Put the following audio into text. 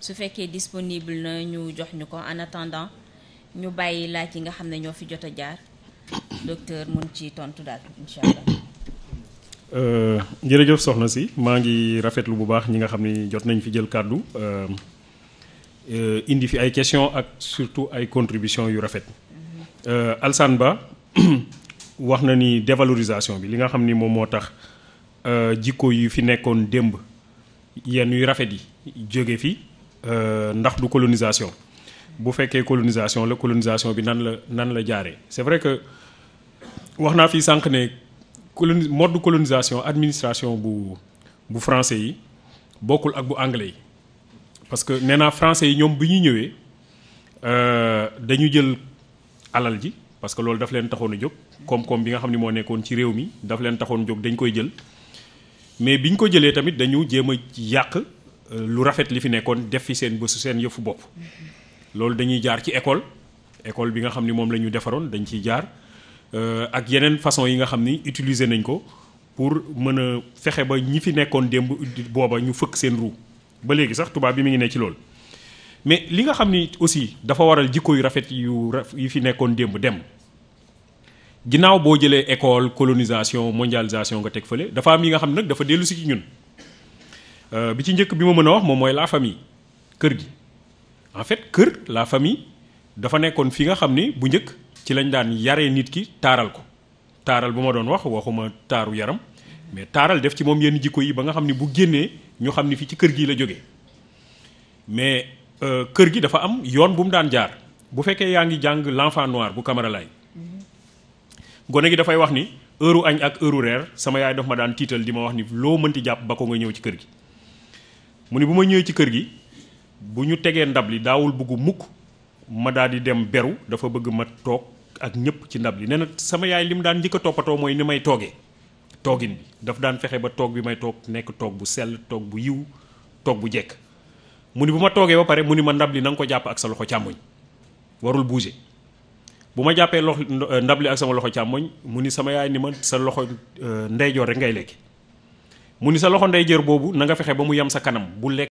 su fekkee disponible na ñu jox ñu ko en attendant ñu bàyyi laaj yi nga xam ne ñoo fi jot a jaar docteur mun ci tontu daal incha allah. Euh, jërëjëf soxna si maa ngi rafetlu bu baax ñi nga xam ni jot nañ fi jël kàddu euh, euh, indi fi ay question ak surtout ay contributions yu rafet. Mm-hmm. alsan Ba wax na ni dévalorisation bi li nga xam ni moom moo tax jikko yu fi nekkoon démb yenn yu rafet yi jóge fi. Euh, ndax du colonisation bu fekkee colonisation la colonisation bi nan la nan la jaaree c'est vrai que wax naa fii sànq ne coloni mode colonisation administration bu bu français yi bokkul ak bu anglais yi parce que nee naa français yi ñoom bu ñu ñëwee euh, dañu jël alal ji parce que loolu daf leen taxoon a jóg koom-koom bi nga xam ne moo nekkoon ci réew mi daf leen taxoon jóg dañ koy jël mais biñ ko jëlee tamit dañu jéem a yàq euh, lu rafet li fi nekkoon def fi seen bësu seen yëfu bopp loolu dañuy jaar ci école école bi nga xam ni moom la ñu defaroon dañ ci jaar euh, ak yeneen façon yi nga xam ni utiliser nañ ko pour mën a fexe ba ñi fi nekkoon démb booba ñu fëkk seen ruu ba léegi sax tubaab bi mi ngi ne ci loolu mais li nga xam ni aussi dafa waral jikko yu rafet yu yi fi nekkoon démb dem ginnaaw boo jëlee école colonisation mondialisation nga teg fële dafa am yi nga xam nag dafa dellu si ci ñun Euh, bi ci njëkk bi ma mën a wax moom mooy la famille kër gi en fait kër la famille dafa nekkoon fi nga xam ni bu njëkk ci lañ daan yaree nit ki taaral ko taaral bu ma doon wax waxuma taaru yaram mais taaral def ci moom yenn jikko yi ba nga xam ni bu génnee ñu xam ni fi ci kër gi la jógee mais euh, kër gi dafa am yoon bu mu daan jaar bu fekkee yaa ngi jàng l'enfant noir bu Camara lay gone gi dafay wax ni heureu añ ak heureu reer sama yaay daf ma daan tiital di ma wax ni loo mënti jàpp ba nga ñëw ci kër gi mu ni bu ma ñëwee ci kër gi bu ñu ndab li daawul mukk ma daal di dem beru dafa bëgg ma toog ak ñëpp ci ndab li nee na sama yaay lim daan njëkk a toppatoo mooy ni may toogee toogin bi daf daan fexe ba toog bi may toog nekk toog bu sell toog bu yiw toog bu jekk mu ni bu ma toogee ba pare mu ni ma ndab li na nga ko jàpp ak sa loxo càmmoñ warul bouger bu ma jàppee lox ndab li ak sama loxo càmmoñ mu ni sama yaay ni ma sa loxo euh, ndeyjoor rek ngay mu ni sa loxo ndeyjoor boobu na nga fexe ba mu yem sa kanam bu lekk